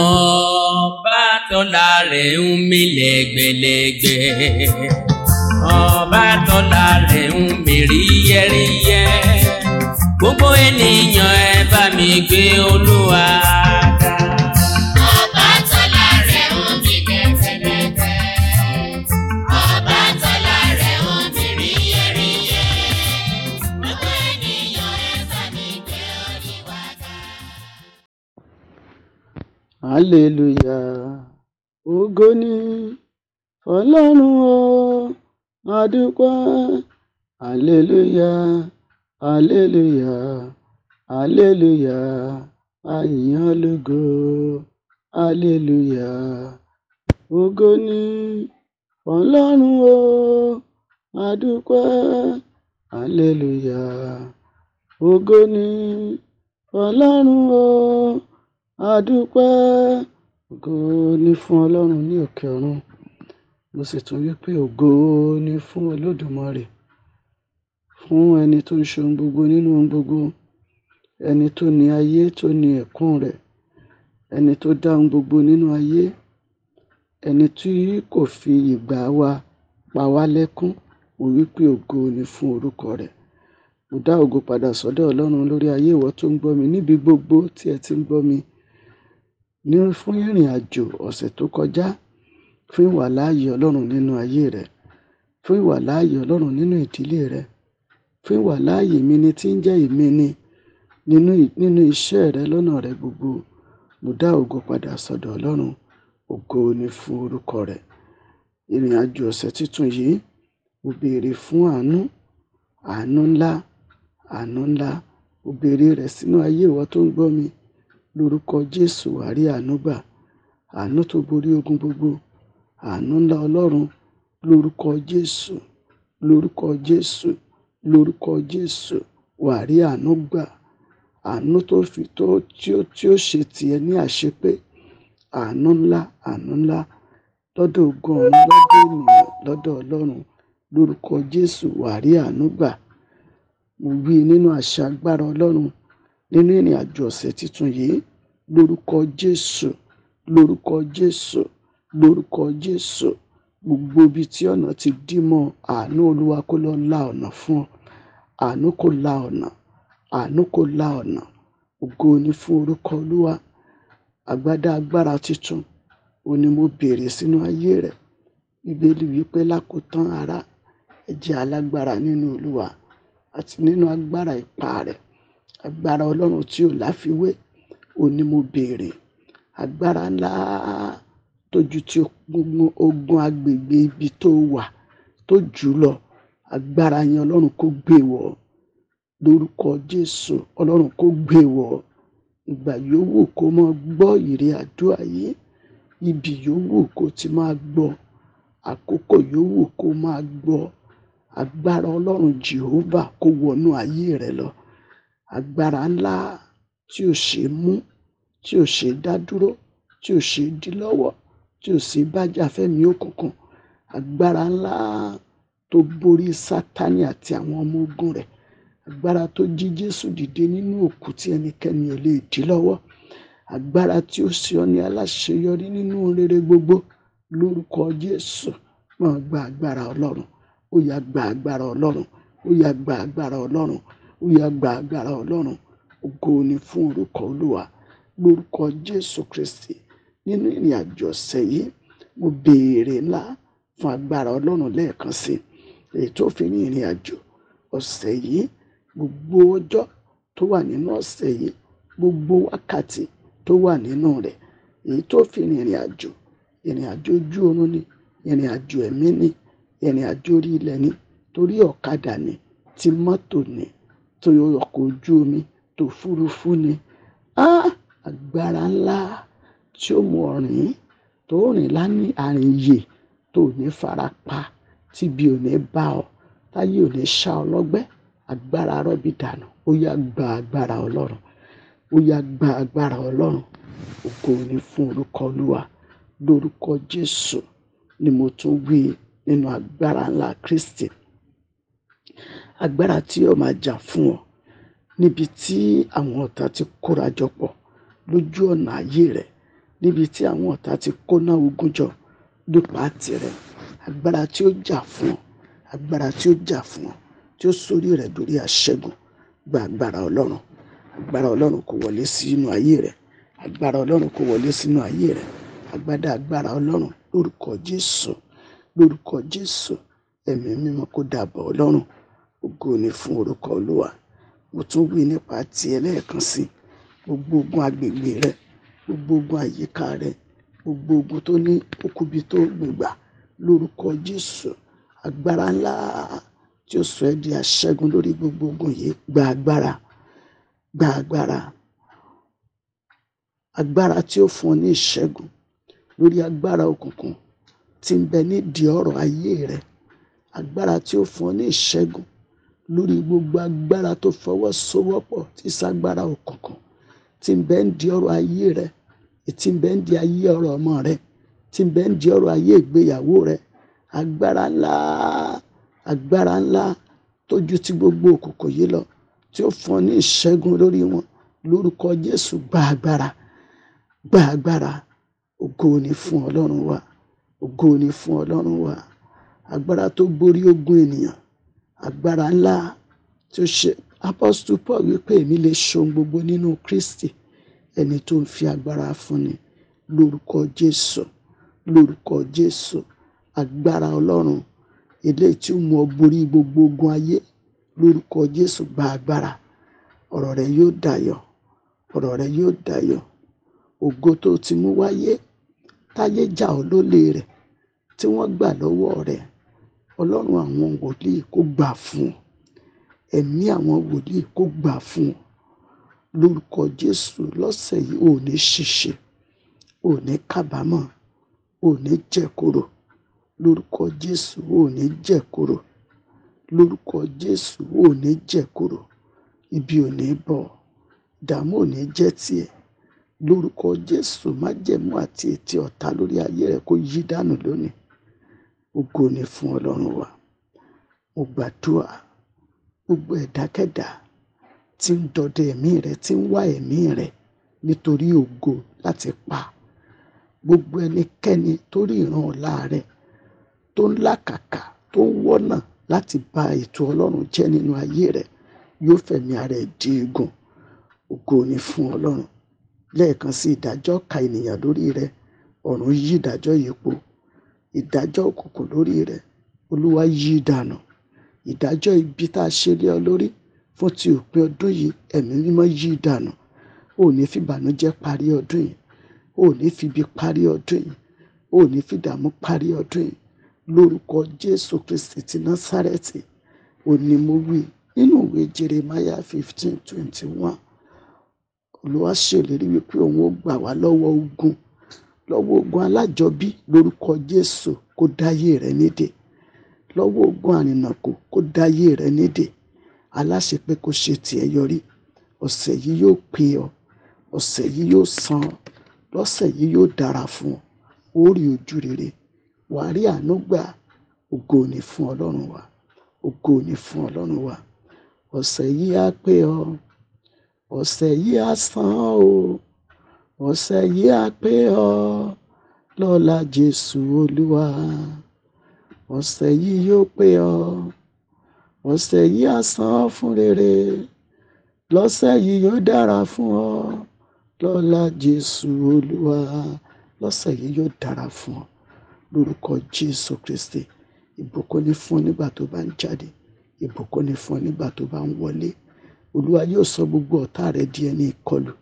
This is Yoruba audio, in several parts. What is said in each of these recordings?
ọba tọ́lá rẹ̀ ń mí lẹ́gbẹ̀lẹ́gbẹ̀ ọba tọ́lá rẹ̀ ń mí ríyẹ́ríyẹ́ gbogbo ènìyàn ẹ bá mi gbé olúwa. hallelujah ògo ni fọlọ́run o adúpẹ́ hallelujah hallelujah hallelujah àyìn ológo hallelujah ni o adúpẹ́ hallelujah ògo ni fọlọ́run o. adúpẹ́ ògo ni fún ọlọ́run ní òkè ọ̀run mo sì tún wí pé ògo ni fún olódùmarè fún ẹni tó ń ṣe ohun gbogbo nínú ohun gbogbo ẹni tó ní ayé tó ní ẹ̀kún rẹ̀ ẹni tó dá ohun gbogbo nínú ayé ẹni tí kò fi ìgbà wa pa wá lẹ́kún mo wí pé ògo ni fún orúkọ rẹ̀ mo dá ògo padà sọ́dọ̀ ọlọ́run lórí ayé ìwọ tó ń gbọ́ mi níbi gbogbo tí ẹ ti ń gbọ́ mi ní fún ìrìnàjò ọ̀sẹ̀ tó kọjá fún ìwàláàyè Ọlọ́run nínú ayé rẹ fún ìwàláàyè Ọlọ́run nínú ìdílé rẹ fún ìwàláàyè mi ni tí ń jẹ́ èmi ni nínú nínú iṣẹ́ rẹ lọ́nà rẹ gbogbo mo dá ògo padà sọ́dọ̀ Ọlọ́run ògo ni fún orúkọ rẹ̀ ìrìnàjò ọ̀sẹ̀ tuntun yìí mo béèrè fún àánú àánú ńlá àánú ńlá mo béèrè rẹ̀ sínú ayé ìwọ tó ń gbọ́ mi lórúkọ jésù wàá rí àánú gbà àánú tó borí ogun gbogbo àánú ńlá ọlọ́run lórúkọ jésù lórúkọ jésù lórúkọ jésù wàá rí àánú gbà àánú tó fi tó tí ó tí ó ṣe tiẹ̀ ní àṣepé àánú ńlá àánú ńlá lọ́dọ̀ ogun lọ́dọ̀ ènìyàn lọ́dọ̀ ọlọ́run lórúkọ jésù wàá rí àánú gbà mo wí nínú àṣà agbára ọlọ́run nínú ìrìn àjò ọ̀sẹ̀ tuntun yìí lórúkọ Jésù lórúkọ Jésù lórúkọ Jésù gbogbo ibi tí ọ̀nà ti dí mọ́ àánú Olúwa kó lọ la ọ̀nà fún ọ àánú kó la ọ̀nà àánú kó la ọ̀nà ògo ni fún orúkọ Olúwa àgbádá agbára tuntun òní mo béèrè sínú ayé rẹ Bíbélì wípé lákòótán ara ẹ alágbára nínú Olúwa àti nínú agbára ipá rẹ̀ agbára Ọlọ́run tí ò láfiwé òní mo béèrè agbára ńlá ju ti ogun agbègbè ibi tó wà tó jù lọ agbára yẹn ọlọ́run kó gbé wọ̀ lórúkọ jésù ọlọ́run kó gbé wọ̀ ìgbà yòówù kó máa gbọ́ ìrè àdúrà ibi yòówù kó ti máa gbọ́ àkókò yòówù kó máa gbọ́ agbára ọlọ́run jehova kó wọnú ayé rẹ lọ agbára ńlá. tí ò ṣeé mú tí ò ṣeé dá dúró tí ò ṣeé dí lọ́wọ́ tí ò ṣeé bájà fẹ́mi òkùnkùn agbára ńlá tó borí sátani àti àwọn ọmọ ogun rẹ̀ agbára tó jí jésù dìde nínú òkú tí ẹnikẹ́ni ò lè dí lọ́wọ́ agbára tí ó ṣe ọ ní aláṣeyọrí nínú rere gbogbo lórúkọ jésù máa gba agbára ọlọ́run ó yá gba agbára ọlọ́run ó yá gba agbára ọlọ́run ó yá gba agbára ọlọ́run ògo ni fún orúkọ olúwa lórúkọ jésù kristi nínú ìrìn àjò ọ̀sẹ̀ yìí mo béèrè ńlá fún agbára ọlọ́run lẹ́ẹ̀kan sí èyí tó fi ní ìrìn àjò ọ̀sẹ̀ yìí gbogbo ọjọ́ tó wà nínú ọ̀sẹ̀ yìí gbogbo wákàtí tó wà nínú rẹ̀ èyí tó fi ní ìrìn àjò ìrìn àjò ojú oorun ni ìrìn àjò ẹ̀mí ni ìrìn àjò orí ilẹ̀ ni torí ọ̀kadà ni ti mọ́tò ni torí ọkọ̀ ojú omi tòfurufú ni ah agbára ńlá tí ó mú ọ rìn tó rìn lánìí àrìnyè tó ní farapa tíbi ò ní bá ọ táyé ò ní ṣá ọ lọ́gbẹ́ agbára rọ́bì dànù ó yá gba agbára ọlọ́run ó yá gba agbára ọlọ́run ògo ni fún orúkọ olúwa lórúkọ jésù ni mo tún wí nínú agbára ńlá kristi agbára tí yóò máa jà fún ọ níbi tí àwọn ọ̀tá ti kóra jọ pọ̀ lójú ọ̀nà ayé rẹ̀ níbi tí àwọn ọ̀tá ti kóná ogun jọ nípa tirẹ̀ agbára tí ó jà fún ọ agbára tí ó jà fún ọ tí ó sórí rẹ̀ dórí àṣẹgun gba agbára ọlọ́run agbára ọlọ́run kò wọlé sínú ayé rẹ̀ agbára ọlọ́run kò wọlé sínú ayé rẹ̀ agbádá agbára ọlọ́run lórúkọ jésù lórúkọ jésù ẹ̀mí mímọ́ kó dàbọ̀ ọlọ́run ògo ni fún orúkọ olúwa mo tún wí nípa tiẹ̀ lẹ́ẹ̀kan sí gbogbo ogun agbègbè rẹ gbogbo ogun àyíká rẹ gbogbo ogun tó ní okùnbi tó gbègbà lórúkọ jésù agbára ńlá tí ó sọ ẹ́ di aṣẹ́gun lórí gbogbo ogun yìí gba agbára gba agbára agbára tí ó fún ọ ní ìṣẹ́gun lórí agbára òkùnkùn tí ń bẹ nídìí ọ̀rọ̀ ayé rẹ agbára tí ó fún ọ ní ìṣẹ́gun lórí gbogbo agbára tó fọwọ́sowọ́pọ̀ tí sagbára òkùnkùn tí ń bẹ ń di ọrọ̀ ayé rẹ tí ń bẹ ń di ayé ọrọ̀ ọmọ rẹ tí ń bẹ ń di ọrọ̀ ayé ìgbéyàwó rẹ agbára ńlá agbára ńlá tó ju ti gbogbo òkùnkùn yìí lọ tí ó fún ní ìṣẹ́gun lórí wọn lórúkọ Jésù gba agbára gba agbára ògo ni fún Ọlọ́run wa ògo ni fún Ọlọ́run wa agbára tó borí ogun ènìyàn agbára ńlá tí ó ṣe apostle paul wípé èmi lè ṣohun gbogbo nínú kristi ẹni tó ń fi agbára fúnni lórúkọ jésù lórúkọ jésù agbára ọlọ́run eléyìí tí ó mú ọ borí gbogbo ogun ayé lórúkọ jésù gba agbára ọ̀rọ̀ rẹ yóò dayọ̀ ọ̀rọ̀ rẹ yóò dayọ̀ ògo tó ti mú wáyé táyé jà ọ́ lólè rẹ̀ tí wọ́n gbà lọ́wọ́ rẹ̀ Ọlọ́run àwọn wòlíì kó gbà fún ọ. Ẹ̀mí àwọn wòlíì kó gbà fún ọ. Lórúkọ Jésù lọ́sẹ̀ yìí ò ní ṣìṣe, ò ní kábàámọ̀, ò ní jẹ̀korò. Lórúkọ Jésù ò ní jẹ̀korò. Lórúkọ Jésù ò ní jẹ̀korò. Ibi ò ní bọ̀ ọ́. ò ní jẹ́ tiẹ̀. Lórúkọ Jésù májẹ̀mú àti ète ọ̀tá lórí ayé rẹ kó yí dànù lónìí ògo ni fún ọlọ́run wa mo gbàdúrà gbogbo ẹ̀dákẹ́dá tí ń dọdẹ ẹ̀mí rẹ tí ń wá ẹ̀mí rẹ nítorí ògo láti pa gbogbo ẹnikẹ́ni torí ìran ọ̀la rẹ tó ń làkàkà tó ń wọ́nà láti ba ètò ọlọ́run jẹ́ nínú ayé rẹ yóò fẹ̀mí ara ẹ̀ di igun ògo ni fún ọlọ́run lẹ́ẹ̀kan sí ìdájọ́ ka ènìyàn lórí rẹ ọ̀run yí ìdájọ́ yìí po ìdájọ́ òkùnkùn lórí rẹ olúwa yí dànù ìdájọ́ ibi tá a ṣe lé ọ lórí fún ti òpin ọdún yìí ẹ̀mí mímọ́ yí dànù ò ní fi ìbànújẹ́ parí ọdún yìí ò ní fi ibi parí ọdún yìí ò ní fi ìdààmú parí ọdún yìí lórúkọ jésù kristi ti násàrẹ́tì òní mo wí nínú ìwé jeremiah fifteen twenty one olúwa ṣèlérí wípé òun ó gbà wá lọ́wọ́ ogun lọ́wọ́ ogun alájọbí lórúkọ Jésù kó dáyé rẹ nídè lọ́wọ́ ogun àrìnàkò kó dáyé rẹ nídè aláṣepé kó ṣe tiẹ̀ yọrí ọ̀sẹ̀ yìí yóò pè ọ́ ọ̀sẹ̀ yìí yóò san ọ́ lọ́sẹ̀ yìí yóò dára fún ọ ó rí ojú rere wàá rí àánú ògo ni fún Ọlọ́run wa ògo ni fún Ọlọ́run wa ọ̀sẹ̀ yìí á pè ọ́ ọ̀sẹ̀ yìí á san ọ́ ọ̀sẹ̀ yìí á pé ọ lọ́la Jésù Olúwa ọ̀sẹ̀ yìí yóò pé ọ ọ̀sẹ̀ yìí á san ọ́ fún rere lọ́sẹ̀ yìí yóò dára fún ọ lọ́la Jésù Olúwa lọ́sẹ̀ yìí yóò dára fún ọ lórúkọ Jésù Kristi ìbùkún ni fún ọ nígbà tó bá ń jáde ìbùkún ni fún ọ nígbà tó bá ń wọlé Olúwa yóò sọ gbogbo ọ̀tá rẹ di ẹni ìkọlù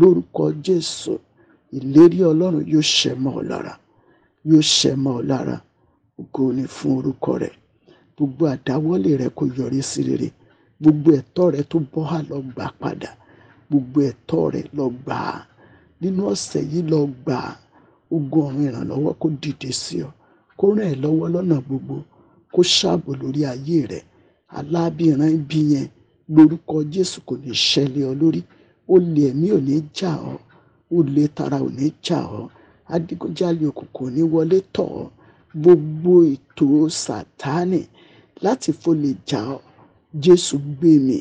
lórúkọ jésù ìlérí ọlọ́run yóò ṣẹ mọ́ ọ lára yóò ṣẹ mọ́ ọ lára ògo ni fún orúkọ rẹ gbogbo àdáwọ́lé rẹ kò yọrí sí rere gbogbo ẹ̀tọ́ rẹ tó bọ́ hà lọ gbà padà gbogbo ẹ̀tọ́ rẹ lọ gbà á nínú ọ̀sẹ̀ yìí lọ gbà á ogun ọ̀run ìrànlọ́wọ́ kó dìde sí ọ kó ràn ẹ́ lọ́wọ́ lọ́nà gbogbo kó ṣààbò lórí ayé rẹ alábìrán ibi yẹn lórúkọ jésù kò ní ṣẹlẹ̀ ọ lórí olè ẹ̀mí ò ní jà ọ́ olè tara ò ní jà ọ́ adigunjalè òkùnkùn ò ní wọlé tọ̀ ọ́ gbogbo ètò sátánì láti folè jà ọ́ jésù gbé mi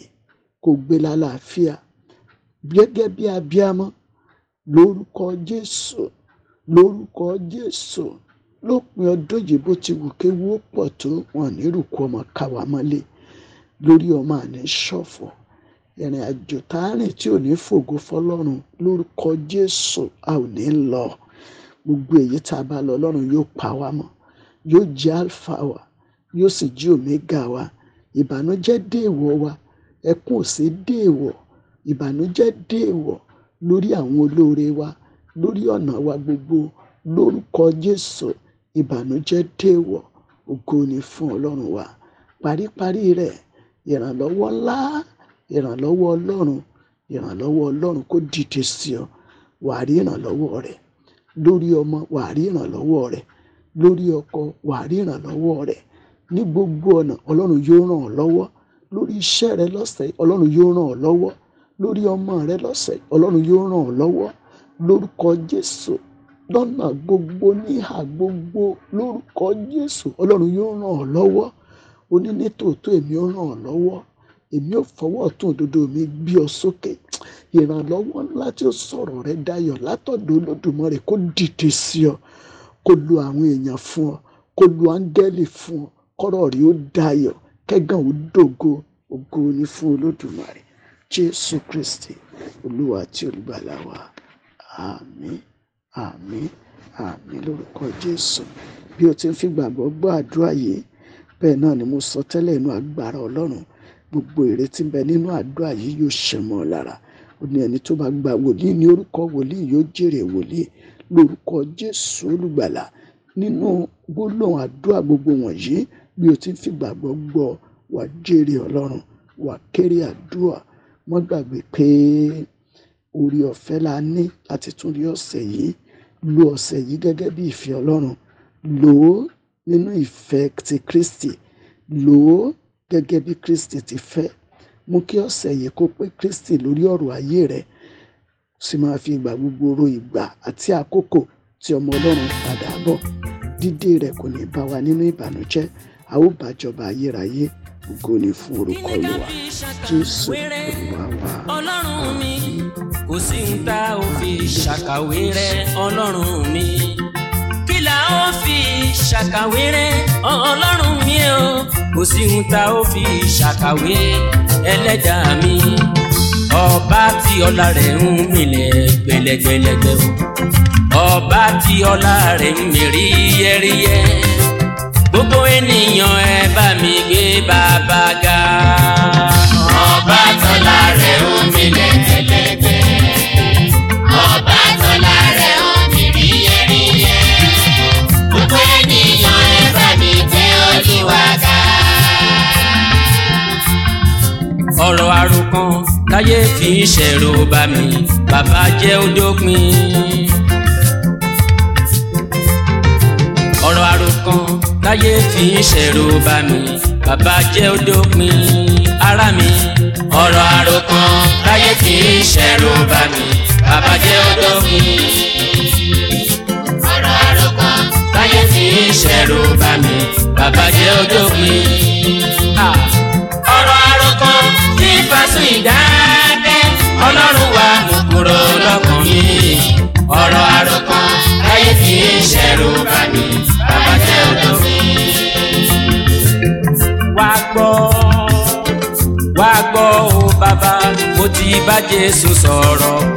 kó gbé lálàáfíà gẹ́gẹ́ bí abíamọ lórúkọ jésù lórúkọ jésù lópin ọdún yìí bó ti wù kéwu ó pọ̀ tó wọn ní rúkú ọmọ káwa mọ́lé lórí ọmọ àní ṣọ̀fọ̀ ìrìn àjò tá a rìn tí ò ní fògo fọlọ́run lórúkọ Jésù a ò ní lọ gbogbo èyí tá a bá lọ ọlọ́run yóò pa wá mọ́ yóò jẹ́ alfa wa yóò sì jẹ́ omega wa ìbànújẹ́ déèwọ̀ wa ẹkún ò sí déèwọ̀ ìbànújẹ́ déèwọ̀ lórí àwọn olóore wa lórí ọ̀nà wa gbogbo lórúkọ Jésù ìbànújẹ́ déèwọ̀ ògo ni fún ọlọ́run wa paríparí rẹ̀ ìrànlọ́wọ́ ńlá ìrànlọ́wọ́ ọlọ́run ìrànlọ́wọ́ ọlọ́run kó dìde sí ọ wà á rí ìrànlọ́wọ́ rẹ̀ lórí ọmọ wà á rí ìrànlọ́wọ́ rẹ̀ lórí ọkọ wà á rí ìrànlọ́wọ́ rẹ̀ ní gbogbo ọ̀nà ọlọ́run yóò ràn ọ́ lọ́wọ́ lórí iṣẹ́ rẹ lọ́sẹ̀ ọlọ́run yóò ràn ọ́ lọ́wọ́ lórí ọmọ rẹ lọ́sẹ̀ ọlọ́run yóò ràn ọ́ lọ́wọ́ lórúkọ jésù lọ́nà gbogbo níhà gbogbo lórúkọ jésù ọlọ́run yóò ràn ọ́ lọ́wọ́ onínítòótọ́ èmi ó ràn ọ́ lọ́wọ́ èmi ò fọwọ́ ọ̀tún òdodo mi gbé ọ sókè ìrànlọ́wọ́ ńlá tí ó sọ̀rọ̀ rẹ dayọ̀ látọ̀dọ̀ olódùmarè kó dìde sí ọ kó lu àwọn èèyàn fún ọ kó lu áńgẹ́lì fún ọ kọ́rọ̀ rí ó dayọ̀ kẹ́gàn ó dògo ògo ni fún olódùmarè jésù kristi olúwa àti olùgbàlà wa àmín àmín àmín lórúkọ jésù bí o ti ń fi gbàgbọ́ gbọ́ àdúrà yìí bẹ́ẹ̀ náà ni mo sọ tẹ́lẹ̀ inú agbára ọlọ́run gbogbo ìrètí ń bẹ nínú àdúrà yìí yóò ṣẹ mọ́ ọ lára ó ní ẹni tó bá gba wòlíì ní orúkọ wòlíì yóò jèrè wòlíì lórúkọ jésù olùgbàlà nínú gbólóhùn àdúrà gbogbo wọ̀nyí bí o ti ń fìgbàgbọ́ gbọ́ wà jèrè ọlọ́run wà kéré àdúrà mọ́ gbàgbé pé orí ọ̀fẹ́ la ní láti tún rí ọ̀sẹ̀ yìí lo ọ̀sẹ̀ yìí gẹ́gẹ́ bí ìfẹ́ ọlọ́run lò ó nínú ìfẹ́ ti kristi lò ó gẹ́gẹ́ bí Kristi ti fẹ́ mú kí ọ̀sẹ̀ yìí kó pé Kristi lórí ọ̀rọ̀ ayé rẹ sì máa fi ìgbà gbogbo ro ìgbà àti àkókò tí ọmọ Ọlọ́run padà bọ̀ dídé rẹ kò ní bá wa nínú ìbànújẹ́ a ó bàjọba ayérayé ògo ni fún orúkọ Olúwa Jésù Olúwa wa. kò sí ń ta ó ṣàkàwé rẹ Ọlọ́run mi kí la ó fi ṣàkàwé rẹ Ọlọ́run mi o kò sí ohun tá ó fi ṣàkàwé ẹlẹ́dàá mi ọba tí ọlá rẹ̀ ń milẹ̀ gbẹlẹgbẹlẹgbẹ ọba tí ọlá rẹ̀ ń mi ríyẹ́ríyẹ́ gbogbo ènìyàn ẹ bá mi gbé bàbá ga ọba tọ́lá rẹ̀ ń milẹ̀. àròkàn táyé fi ṣẹ̀rọ bá mi bàbá jẹ́ odópin. ọ̀rọ̀ àròkàn táyé fi ṣẹ̀rọ bá mi bàbá jẹ́ odópin ara mi. ọ̀rọ̀ àròkàn táyé fi ṣẹ̀rọ bá mi bàbá jẹ́ odópin. ọ̀rọ̀ àròkàn láyé fi ń ṣẹ̀rù bá mi bàbá jẹ́ olófin. wá gbọ́ wá gbọ́ o bàbá mo ti bá Jésù sọ̀rọ̀.